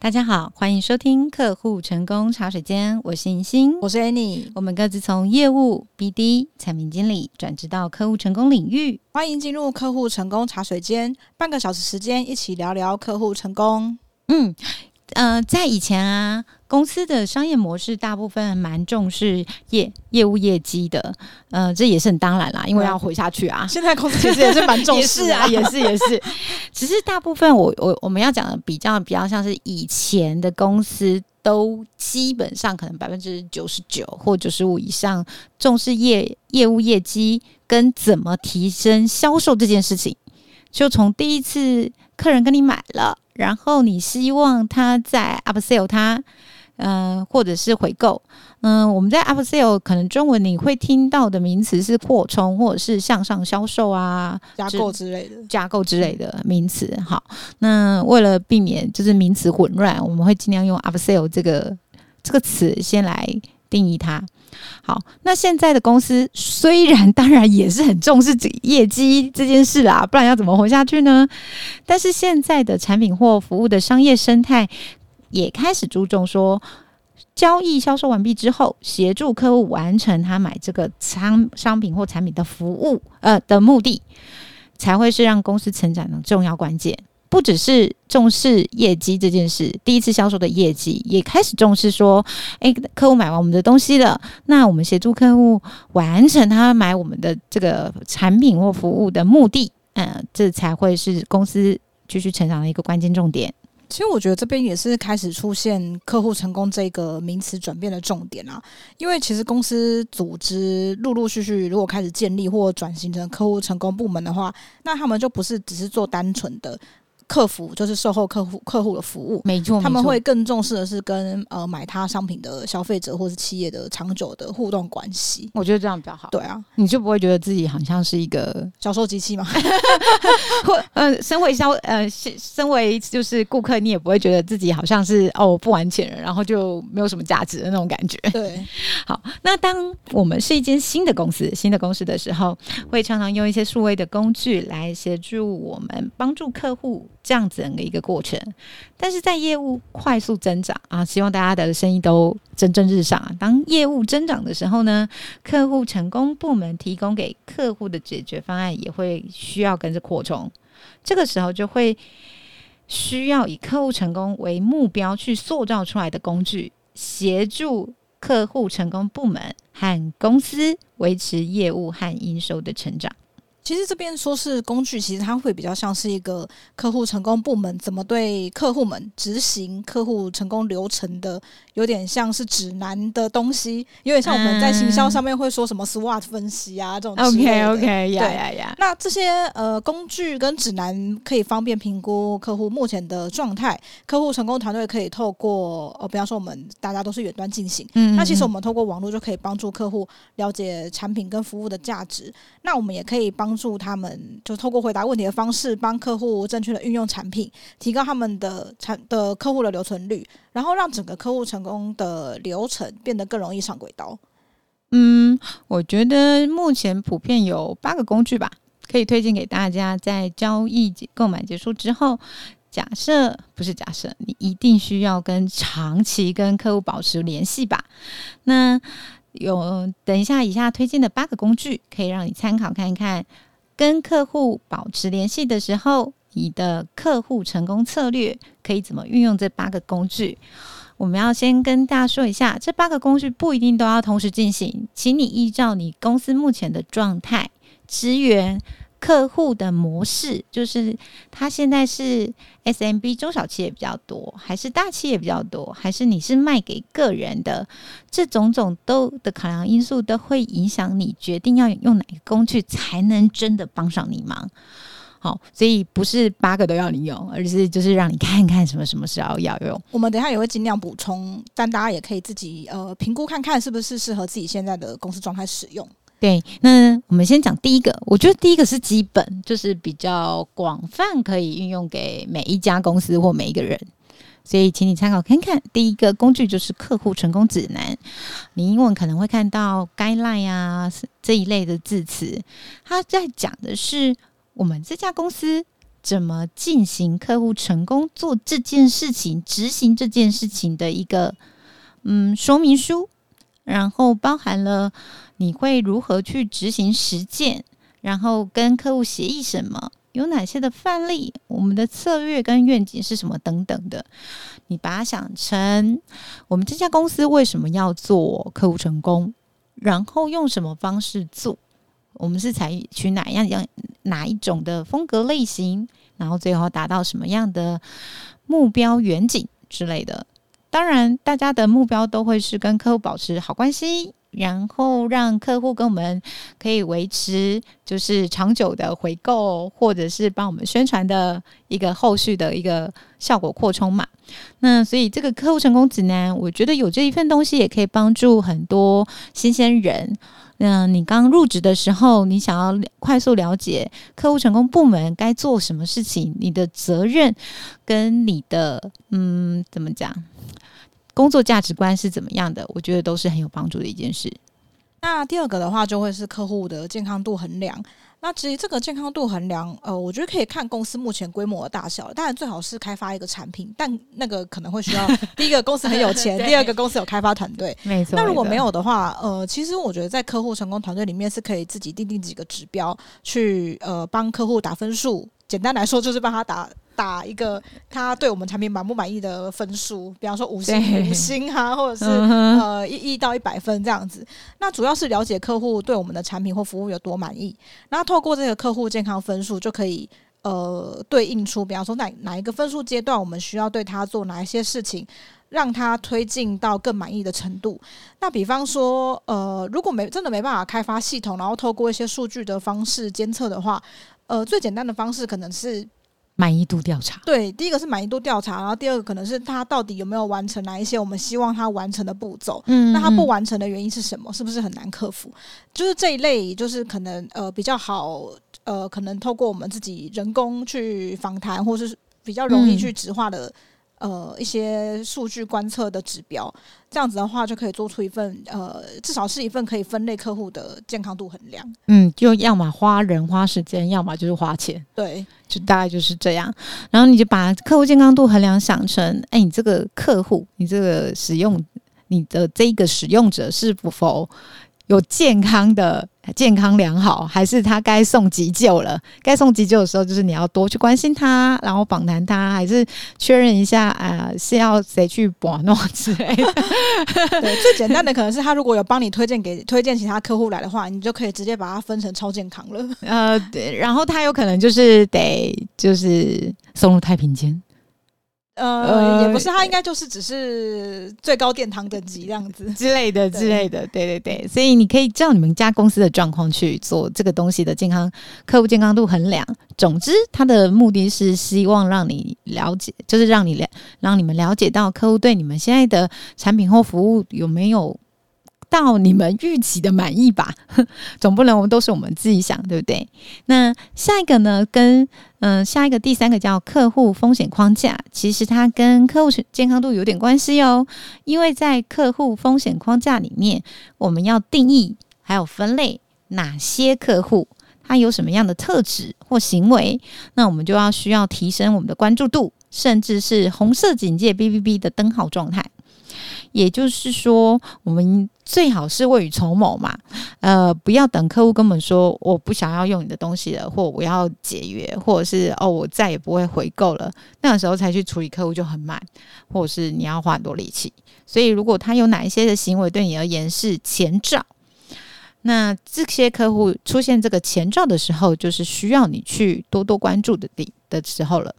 大家好，歡迎收聽客戶成功茶水間。我是銀星。我是 Annie，我們各自從業務、BD、產品經理轉職到客戶成功領域。歡迎進入客戶成功茶水間，半個小時時間一起聊聊客戶成功。嗯，呃，在以前啊。公司的商業模式大部分蠻重視業業務業績的，呃，這也是很當然啦，因為要活下去啊，嗯。現在公司其實也是蠻重視啊， 也是啊，也是也是，只是大部分我我我們要講的比較比較像是以前的公司，都基本上可能百分之九十九或九十五以上重視業業務業績跟怎麼提升銷售這件事情，就從第一次客人跟你買了，然後你希望他再 upsell 他。嗯、呃，或者是回購。嗯、呃，我們在 upsell 可能中文你會聽到的名詞是擴充，或者是向上銷售啊、加購之類的、加購之類的名詞。好，那為了避免就是名詞混亂，我們會盡量用 upsell 這個這個詞先來定義它。好，那現在的公司雖然當然也是很重視業績這件事啊，不然要怎麼活下去呢？但是現在的產品或服務的商業生態。也開始注重說，交易銷售完畢之後，協助客戶完成他買這個商商品或產品的服務，呃的目的，才會是讓公司成長的重要關鍵。不只是重視業績這件事，第一次銷售的業績，也開始重視說，哎，客戶買完我們的東西了，那我們協助客戶完成他買我們的這個產品或服務的目的，嗯、呃，這才會是公司繼續成長的一個關鍵重點。其實我覺得這邊也是開始出現“客戶成功”這個名詞轉變的重點啊，因為其實公司組織陸陸續續如果開始建立或轉型成客戶成功部門的話，那他們就不是只是做單純的。客服，就是售後客戶客戶的服務沒錯，他們會更重視的是跟呃買他商品的消費者或是企業的長久的互動關係。我覺得這樣比較好。對啊，你就不會覺得自己好像是一個銷售機器嗎？ 或呃，身為銷呃身為就是顧客，你也不會覺得自己好像是哦不完全人，然後就沒有什麼價值的那種感覺。對，好，那當我們是一間新的公司，新的公司的時候，會常常用一些數位的工具來協助我們幫助客戶這樣子的一個過程，但是在業務快速增長啊，希望大家的生意都蒸蒸日上啊。當業務增長的時候呢，客戶成功部門提供給客戶的解決方案也會需要跟着擴充。這個時候就會需要以客戶成功為目標去塑造出來的工具，協助客戶成功部門和公司維持業務和營收的成長。其實這邊說是工具，其實它會比較像是一個客戶成功部門怎麼對客戶們執行客戶成功流程的。有點像是指南的東西，有點像我們在行銷上面會說什麼 SWOT 分析啊、嗯、這種。OK OK，對、yeah, 對、yeah, yeah. 對。那這些呃工具跟指南可以方便評估客戶目前的狀態。客戶成功團隊可以透過呃、哦，比方說我們大家都是遠端進行，嗯，嗯，那其實我們透過網絡就可以幫助客戶了解產品跟服務的價值。那我們也可以幫助他們，就透過回答問題的方式，幫客戶正確的運用產品，提高他們的產的客戶的留存率，然後讓整個客戶成功中的流程變得更容易上軌道。嗯，我覺得目前普遍有八個工具吧，可以推薦給大家。在交易購買結束之後，假設不是假設，你一定需要跟長期跟客戶保持聯繫吧？那有等一下，以下推薦的八個工具可以讓你參考看一看。跟客戶保持聯繫的時候，你的客戶成功策略可以怎麼運用這八個工具？我們要先跟大家說一下，這八個工具不一定都要同時進行，請你依照你公司目前的狀態、職員、客戶的模式，就是他現在是 SMB 中小企業比較多，還是大企業比較多，還是你是賣給個人的，這種種都的考量因素都會影響你決定要用哪個工具，才能真的幫上你忙。好，所以不是八個都要你用，而是就是讓你看看什麼什麼時候要用。我們等一下也會盡量補充，但大家也可以自己呃評估看看是不是適合自己現在的公司狀態使用。對，那我們先講第一個，我覺得第一個是基本，就是比較廣泛可以運用給每一家公司或每一個人，所以請你參考看看。第一個工具就是客戶成功指南，你英文可能會看到 “guideline” 啊這一類的字詞，它在講的是。我們這家公司怎麼進行客戶成功？做這件事情，執行這件事情的一個嗯說明書，然後包含了你會如何去執行實踐，然後跟客戶協議什麼，有哪些的範例，我們的策略跟願景是什麼等等的。你把它想成我們這家公司為什麼要做客戶成功，然後用什麼方式做？我們是採取哪樣樣？哪一種的風格類型，然後最後達到什麼樣的目標遠景之類的。當然，大家的目標都會是跟客戶保持好關係，然後讓客戶跟我們可以維持就是長久的回購，或者是幫我們宣傳的一個後續的一個效果擴充嘛。那所以這個客戶成功指南，我覺得有這一份東西，也可以幫助很多新鮮人。那你剛入職的時候，你想要快速了解客戶成功部門該做什麼事情，你的責任跟你的嗯，怎麼講，工作價值觀是怎麼樣的？我覺得都是很有幫助的一件事。那第二個的話，就會是客戶的健康度衡量。那其實這個健康度衡量，呃，我覺得可以看公司目前規模的大小，當然最好是開發一個產品，但那個可能會需要第一個公司很有錢， 第二個公司有開發團隊。沒錯。那如果沒有的話，呃，其實我覺得在客戶成功團隊裡面是可以自己定定幾個指標，去呃幫客戶打分數。簡單來說，就是幫他打。打一個他對我們產品滿不滿意的分數，比方說五星、星哈、五星啊，或者是、嗯、呃一到一百分這樣子。那主要是了解客戶對我們的產品或服務有多滿意。那透過這個客戶健康分數，就可以呃對應出，比方說哪哪一個分數階段，我們需要對他做哪一些事情，讓他推進到更滿意的程度。那比方說，呃，如果沒真的沒辦法開發系統，然後透過一些數據的方式監測的話，呃，最簡單的方式可能是，滿意度調查，對，第一個是滿意度調查，然後第二個可能是他到底有沒有完成哪一些我們希望他完成的步驟，嗯，那他不完成的原因是什麼？嗯，是不是很難克服？就是這一類，就是可能呃比較好，呃，可能透過我們自己人工去訪談，或者是比較容易去質化的。嗯呃，一些數據觀測的指標，這樣子的話就可以做出一份呃，至少是一份可以分類客戶的健康度衡量。嗯，就要麼花人花時間，要麼就是花錢。對，就大概就是這樣。然後你就把客戶健康度衡量想成，哎、欸，你這個客戶，你這個使用你的這個使用者是否？有健康的健康良好，還是他該送急救了？該送急救的時候，就是你要多去關心他，然後訪談他，還是確認一下啊、呃，是要誰去撥諾之類的。 對，最簡單的可能是他如果有幫你推薦給推薦其他客戶來的話，你就可以直接把它分成超健康了。呃，對，然後他有可能就是得就是送入太平間。呃,呃，也不是，他應該就是只是最高殿堂等級這樣子之類的之類的，對對對，所以你可以照你們家公司的狀況去做這個東西的健康客戶健康度衡量。總之，他的目的是希望讓你了解，就是讓你了讓你們了解到客戶對你們現在的產品或服務有沒有。到你們預期的滿意吧， 總不能都是我們自己想，對不對？那下一個呢？跟嗯、呃，下一個第三個叫客戶風險框架，其實它跟客戶健康度有點關係哦。因為在客戶風險框架裡面，我們要定義還有分類哪些客戶，他有什麼樣的特質或行為，那我們就要需要提升我們的關注度，甚至是紅色警戒 B B B 的燈號狀態。也就是說，我們。最好是未雨綢繆嘛，呃，不要等客戶根本說我不想要用你的東西了，或我要解約，或者是哦我再也不會回購了，那個時候才去處理客戶就很慢，或者是你要花很多力氣。所以如果他有哪一些的行為對你而言是前兆，那這些客戶出現這個前兆的時候，就是需要你去多多關注的地的時候了。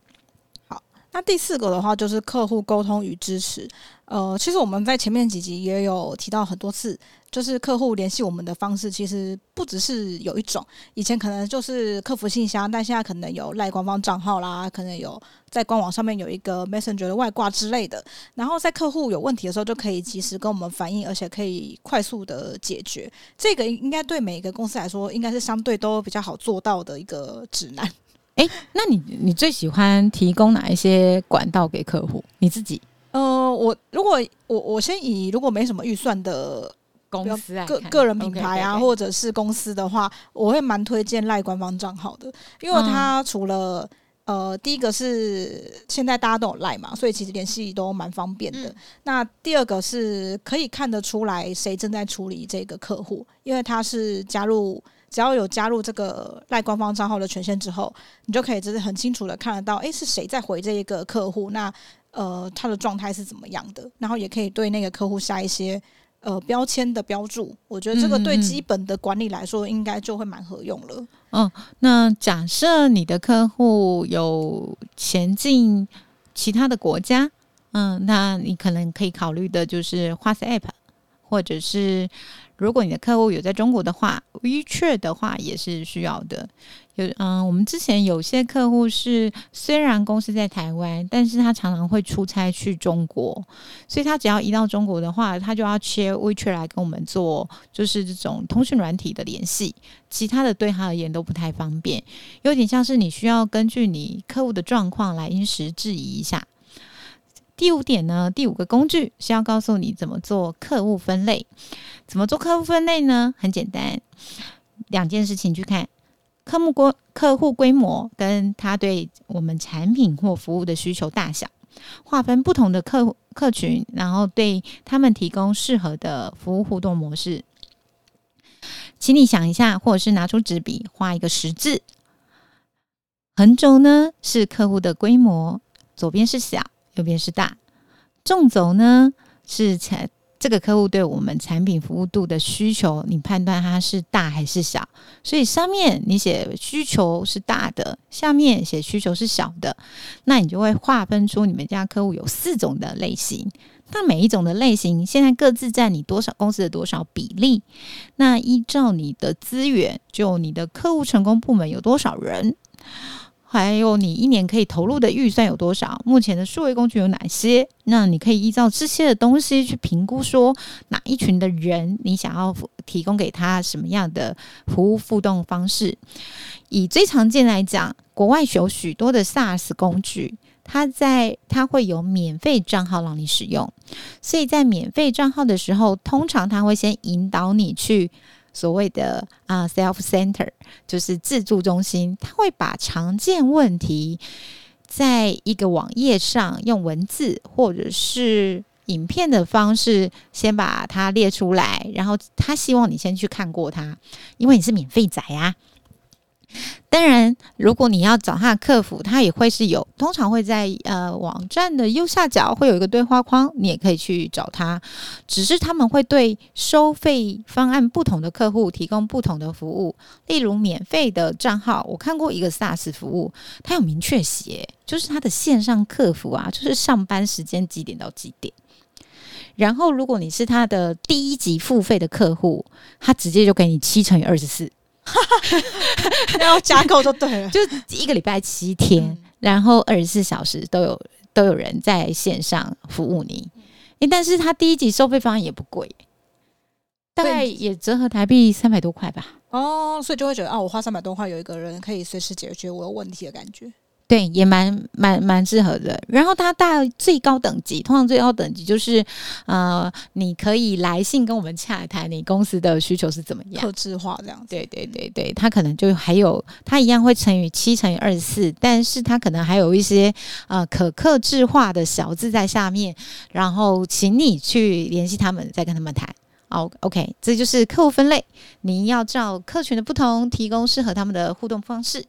那第四個的話就是客戶溝通與支持。呃，其實我們在前面幾集也有提到很多次，就是客戶聯繫我們的方式，其實不只是有一種。以前可能就是客服信箱，但現在可能有 LINE 官方賬號啦，可能有在官網上面有一個 Messenger 的外掛之類的。然後在客戶有問題的時候，就可以及時跟我們反映，而且可以快速的解決。這個應該對每一個公司來說，應該是相對都比較好做到的一個指南。哎、欸，那你你最喜歡提供哪一些管道給客戶？你自己？呃，我如果我我先以如果沒什麼預算的公司，個個人品牌啊，okay, okay. 或者是公司的話，我會蠻推薦 LINE 官方帳號的，因為他除了，嗯、呃，第一個是現在大家都有 LINE 嘛，所以其實聯繫都蠻方便的，嗯。那第二個是可以看得出來誰正在處理這個客戶，因為他是加入。只要有加入這個 LINE 官方賬號的權限之後，你就可以就是很清楚的看得到，哎、欸，是誰在回這一個客戶，那呃他的狀態是怎麼樣的，然後也可以對那個客戶下一些呃標籤的標注。我覺得這個對基本的管理來說，嗯、應該就會蠻合用了。嗯、哦，那假設你的客戶有前進其他的國家，嗯，那你可能可以考慮的就是 WhatsApp。或者是，如果你的客戶有在中國的話，WeChat 的話也是需要的。有，嗯，我們之前有些客戶是雖然公司在台灣，但是他常常會出差去中國，所以他只要一到中國的話，他就要切 WeChat 來跟我們做，就是這種通訊軟體的聯繫。其他的對他而言都不太方便，有點像是你需要根據你客戶的狀況來因時制宜一下。第五點呢，第五個工具是要告訴你怎麼做客戶分類。怎麼做客戶分類呢？很簡單，兩件事情：去看客戶、客戶規模跟他對我們產品或服務的需求大小，劃分不同的客戶客群，然後對他們提供適合的服務互動模式。請你想一下，或者是拿出紙筆畫一個十字，橫軸呢是客戶的規模，左邊是小。右邊是大，縱軸呢是產這個客戶對我們產品服務度的需求，你判斷它是大還是小。所以上面你寫需求是大的，下面寫需求是小的，那你就會劃分出你們家客戶有四種的類型。但每一種的類型，現在各自占你多少公司的多少比例？那依照你的資源，就你的客戶成功部門有多少人？還有你一年可以投入的預算有多少？目前的數位工具有哪些？那你可以依照這些的東西去評估，說哪一群的人你想要提供給他什麼樣的服務互動方式？以最常見來講，國外有許多的 SaaS 工具，它，在它會有免費賬號讓你使用，所以在免費賬號的時候，通常它會先引導你去。所謂的啊、uh，self center 就是自助中心，他會把常見問題在一個網頁上用文字或者是影片的方式先把它列出來，然後他希望你先去看過它，因為你是免費仔啊。當然，如果你要找他的客服，他也會是有，通常會在呃網站的右下角會有一個對話框，你也可以去找他。只是他們會對收費方案不同的客戶提供不同的服務，例如免費的賬號，我看過一個 SaaS 服務，他有明確寫，就是他的線上客服啊，就是上班時間幾點到幾點。然後，如果你是他的第一級付費的客戶，他直接就給你七乘以二十四。哈哈，然後加購就對了， 就一個禮拜七天，嗯、然後二十四小時都有都有人在線上服務你。哎、欸，但是他第一集收費方案也不貴，大概也折合台幣三百多塊吧。哦，所以就會覺得啊，我花三百多塊，有一個人可以隨時解決我有問題的感覺。對，也蠻蠻蠻適合的。然後他帶最高等級，通常最高等級就是，呃，你可以來信跟我們洽談，你公司的需求是怎麼樣，客製化這樣對對對對，嗯，他可能就還有，他一樣會乘以七乘以二十四，但是他可能還有一些呃可客製化的小字在下面，然後請你去聯繫他們，再跟他們談。好，OK，這就是客戶分類，你要照客群的不同，提供適合他們的互動方式。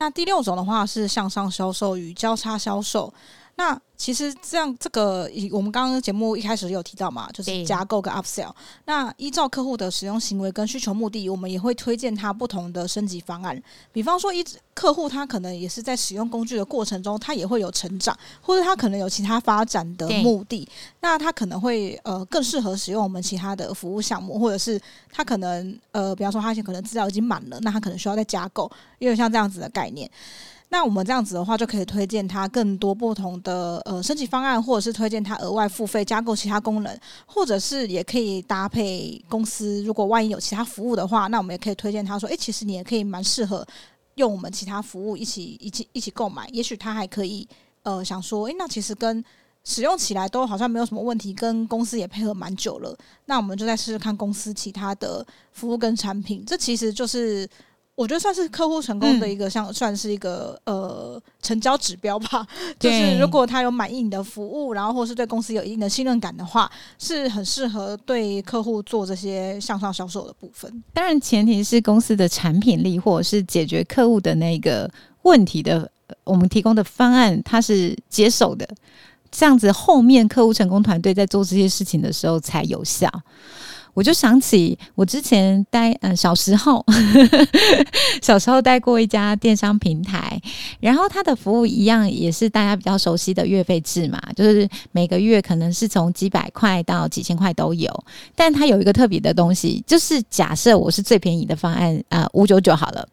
那第六種的話是向上銷售與交叉銷售。那其實這樣，這個我們剛剛節目一開始有提到嘛，就是加購跟 upsell。那依照客戶的使用行為跟需求目的，我們也會推薦他不同的升級方案。比方說，一客戶他可能也是在使用工具的過程中，他也會有成長，或者他可能有其他發展的目的。那他可能會呃更適合使用我們其他的服務項目，或者是他可能呃，比方說他現在可能資料已經滿了，那他可能需要再加購，因為像這樣子的概念。那我們這樣子的話，就可以推薦他更多不同的呃升級方案，或者是推薦他額外付費加購其他功能，或者是也可以搭配公司，如果萬一有其他服務的話，那我們也可以推薦他說：“誒，其實你也可以蠻適合用我們其他服務一起一起一起購買。也許他還可以呃想說：誒，那其實跟使用起來都好像沒有什麼問題，跟公司也配合蠻久了。那我們就再試試看公司其他的服務跟產品。這其實就是。”我覺得算是客戶成功的一個，嗯、像算是一個呃成交指標吧。就是如果他有滿意你的服務，然後或是對公司有一定的信任感的話，是很適合對客戶做這些向上銷售的部分。當然，前提是公司的產品力或者是解決客戶的那個問題的，我們提供的方案他是接受的。這樣子，後面客戶成功團隊在做這些事情的時候才有效。我就想起我之前帶，嗯，小時候 小時候帶過一家電商平台，然後它的服務一樣也是大家比較熟悉的月費制嘛，就是每個月可能是從幾百塊到幾千塊都有，但它有一個特別的東西，就是假設我是最便宜的方案啊，五九九好了，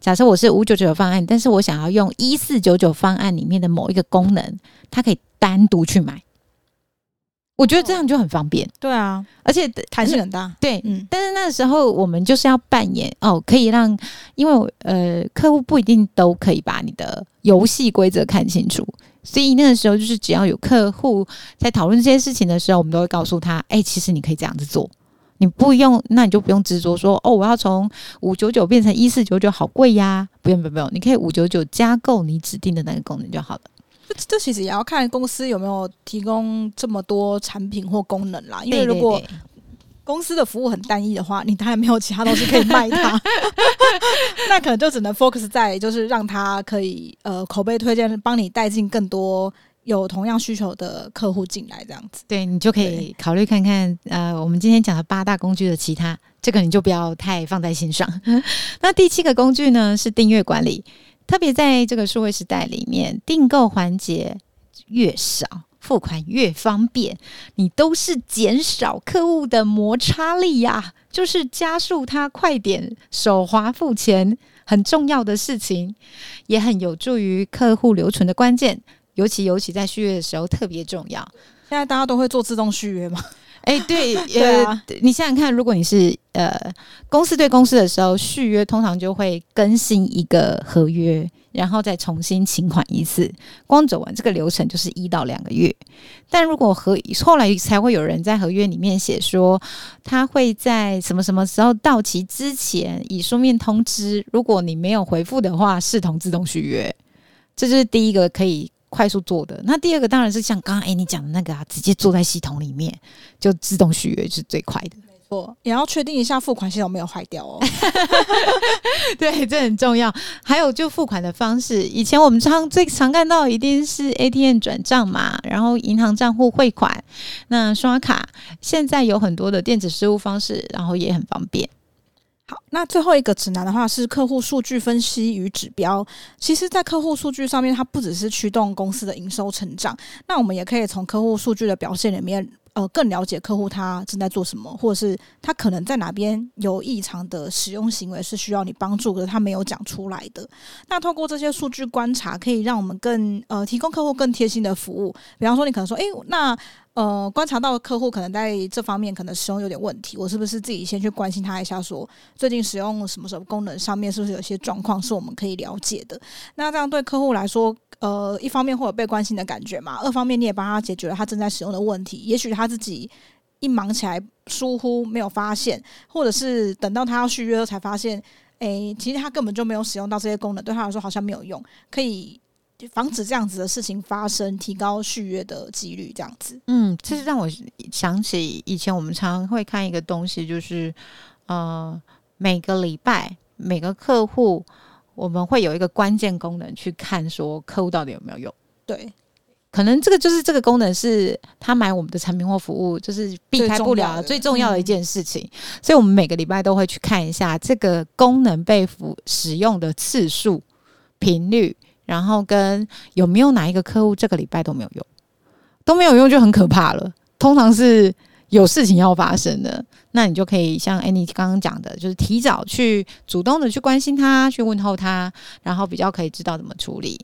假設我是五九九的方案，但是我想要用一四九九方案裡面的某一個功能，它可以單獨去買。我覺得這樣就很方便，哦、對啊，而且彈性很大，嗯。對，嗯，但是那個時候我們就是要扮演哦，可以讓，因為呃，客戶不一定都可以把你的遊戲規則看清楚，所以那個時候就是只要有客戶在討論這些事情的時候，我們都會告訴他，哎、欸，其實你可以這樣子做，你不用，那你就不用執着說哦，我要從五九九變成一四九九，好貴呀，不用不用不用，你可以五九九加購你指定的那個功能就好了。這這其實也要看公司有沒有提供這麼多產品或功能啦，因為如果公司的服務很單一的話，你當然沒有其他東西可以賣它， 那可能就只能 focus 在就是讓它可以呃口碑推薦，幫你帶進更多有同樣需求的客戶進來這樣子。對，你就可以考慮看看，呃，我們今天講的八大工具的其他這個你就不要太放在心上。 那第七個工具呢是訂閱管理。特別在這個數位時代裡面，訂購環節越少，付款越方便，你都是減少客戶的摩擦力呀，啊，就是加速他快點手滑付錢，很重要的事情，也很有助於客戶留存的關鍵，尤其尤其在續約的時候特別重要。現在大家都會做自動續約嗎？哎、欸，對，呃對、啊，你想想看，如果你是呃公司對公司的時候續約，通常就會更新一個合約，然後再重新請款一次，光走完這個流程就是一到兩個月。但如果合後來才會有人在合約裡面寫說，他會在什麼什麼時候到期之前以書面通知，如果你沒有回復的話，視同自動續約。這就是第一個可以。快速做的。那第二個當然是像剛剛誒，你講的那個啊，直接坐在系統裡面就自動續約是最快的。沒錯，也要確定一下付款系統沒有壞掉哦。 對，這很重要。還有就付款的方式，以前我們常最常看到一定是 ATM 轉賬嘛，然後銀行賬戶匯款，那刷卡，現在有很多的電子支付方式，然後也很方便。好，那最後一個指南的話是客戶數據分析與指標。其實在客戶數據上面，它不只是驅動公司的營收成長，那我們也可以從客戶數據的表現裡面。呃，更了解客戶他正在做什麼，或者是他可能在哪邊有異常的使用行為是需要你幫助的，可是他沒有講出來的。那透過這些數據觀察，可以讓我們更呃提供客戶更貼心的服務。比方說，你可能說，誒、欸，那呃觀察到客戶可能在這方面可能使用有點問題，我是不是自己先去關心他一下說？說最近使用什麼什麼功能上面是不是有些狀況是我們可以了解的？那這樣對客戶來說。呃，一方面會有被關心的感覺嘛，二方面你也幫他解決了他正在使用的問題。也許他自己一忙起來疏忽沒有發現，或者是等到他要續約才發現，誒、欸，其實他根本就沒有使用到這些功能，對他來說好像沒有用。可以防止這樣子的事情發生，提高續約的幾率，這樣子。嗯，這是讓我想起以前我們常常會看一個東西，就是呃，每個禮拜每個客戶。我們會有一個關鍵功能去看說客戶到底有沒有用。對，可能這個就是這個功能是他買我們的產品或服務，就是避開不了的，最重要的，最重要的一件事情。嗯，所以我們每個禮拜都會去看一下這個功能被使用的次數、頻率，然後跟有沒有哪一個客戶這個禮拜都沒有用，都沒有用就很可怕了。通常是。有事情要發生的，那你就可以像 Annie 剛剛講的，就是提早去主動的去關心他，去問候他，然後比較可以知道怎麼處理。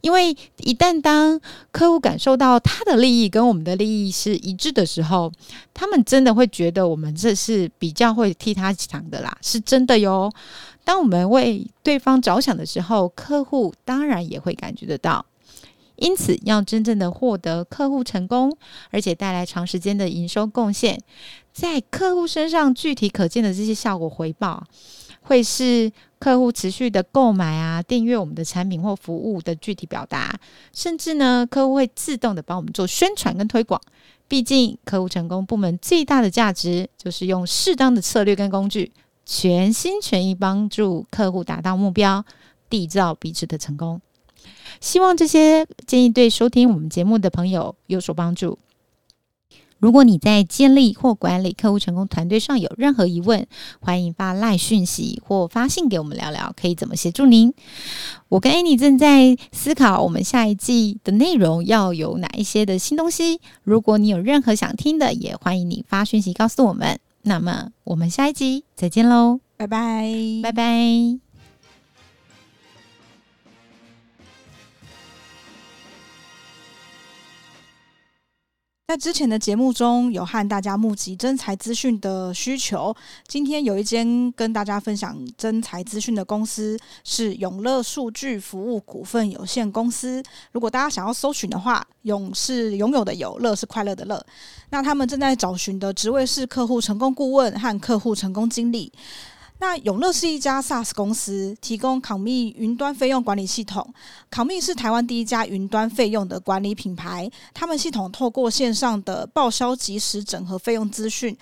因為一旦當客戶感受到他的利益跟我們的利益是一致的時候，他們真的會覺得我們這是比較會替他想的啦，是真的喲。當我們為對方着想的時候，客戶當然也會感覺得到。因此，要真正的獲得客戶成功，而且帶來長時間的營收貢獻，在客戶身上具體可見的這些效果回報，會是客戶持續的購買啊、訂閱我們的產品或服務的具體表達，甚至呢，客戶會自動的幫我們做宣傳跟推廣。畢竟，客戶成功部門最大的價值，就是用適當的策略跟工具，全心全意幫助客戶達到目標，締造彼此的成功。希望這些建議對收聽我們節目的朋友有所幫助。如果你在建立或管理客戶成功團隊上有任何疑問，歡迎發賴訊息或發信給我們聊聊，可以怎麼協助您。我跟艾妮正在思考我們下一季的內容要有哪一些的新東西。如果你有任何想聽的，也歡迎你發訊息告訴我們。那麼，我們下一集再見嘍，拜拜，拜拜。在之前的節目中有和大家募集徵才資訊的需求，今天有一間跟大家分享徵才資訊的公司是擁樂數據服務股份有限公司。如果大家想要搜尋的話，擁是擁有的擁，樂是快樂的樂。那他們正在找尋的職位是客戶成功顧問和客戶成功經理。那擁樂是一家 SaaS 公司，提供 COMMEET 雲端費用管理系統。COMMEET 是台灣第一家雲端費用的管理品牌，他們系統透過線上的報銷，即時整合費用資訊。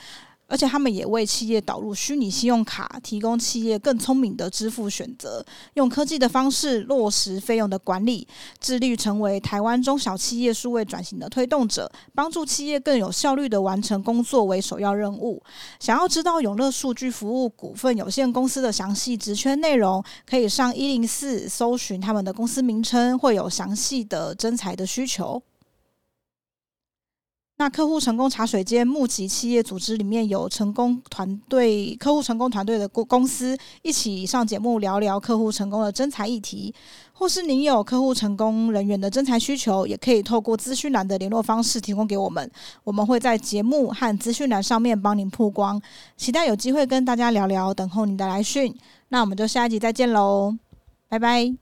而且他們也為企業導入虛擬信用卡，提供企業更聰明的支付選擇，用科技的方式落實費用的管理，致力成為台灣中小企業數位轉型的推動者，幫助企業更有效率的完成工作為首要任務。想要知道擁樂數據服務股份有限公司的詳細職缺內容，可以上一零四搜尋他們的公司名稱，會有詳細的徵才的需求。那客戶成功茶水間，募集企業組織裡面有成功團隊、客戶成功團隊的公公司一起上節目聊聊客戶成功的徵才議題，或是您有客戶成功人員的徵才需求，也可以透過資訊欄的聯絡方式提供給我們，我們會在節目和資訊欄上面幫您曝光，期待有機會跟大家聊聊，等候您的來訊。那我們就下一集再見嘍，拜拜。